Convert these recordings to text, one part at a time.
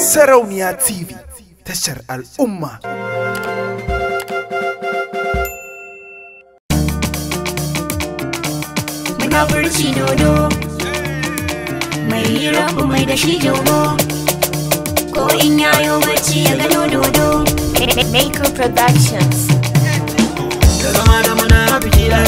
Sarauniya TV tashar al'umma. Muna furci dodo, mai yi rabu mai da shi jogo, ko in yayo bacci ya gano dodo. Maker Productions. Da zama da muna biki da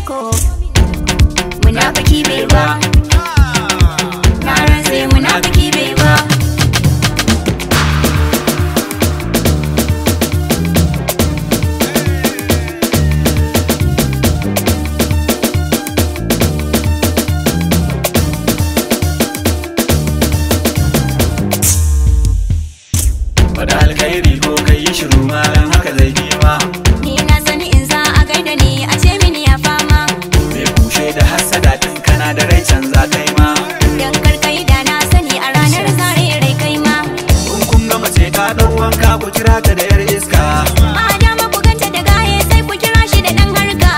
tarko munafiki ba na rantse bai ba ko kai shiru malam dan wanka ku kira ta da yar iska ba dama ku ganta da gaye sai ku kira shi da dan harka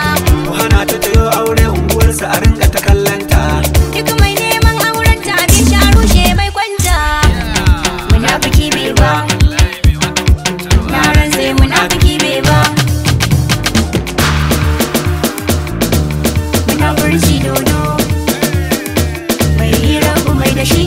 ku hana ta tayo aure unguwarsa a rinka ta kallanta duk mai neman auren ta abin sha rushe bai kwanta munafiki bai ba na ranzai munafiki bai ba munafurci dodo mai hira ku mai da shi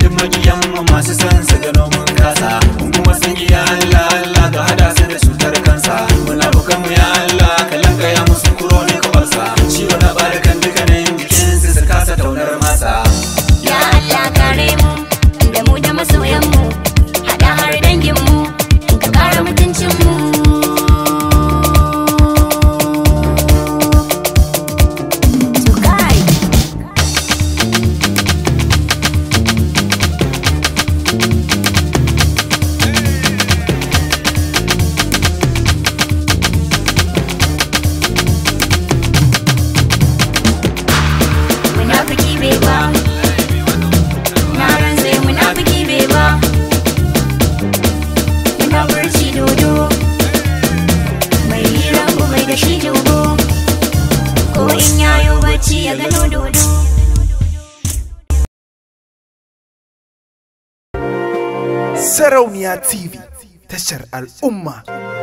da duk makiyan mu masu son su gano mun kasa kuma san iya Allah Allah ga hada su da cutar kansa muna bukan mu ya in yayo bacci ya gano dodo Sarauniya TV, tashar al'umma.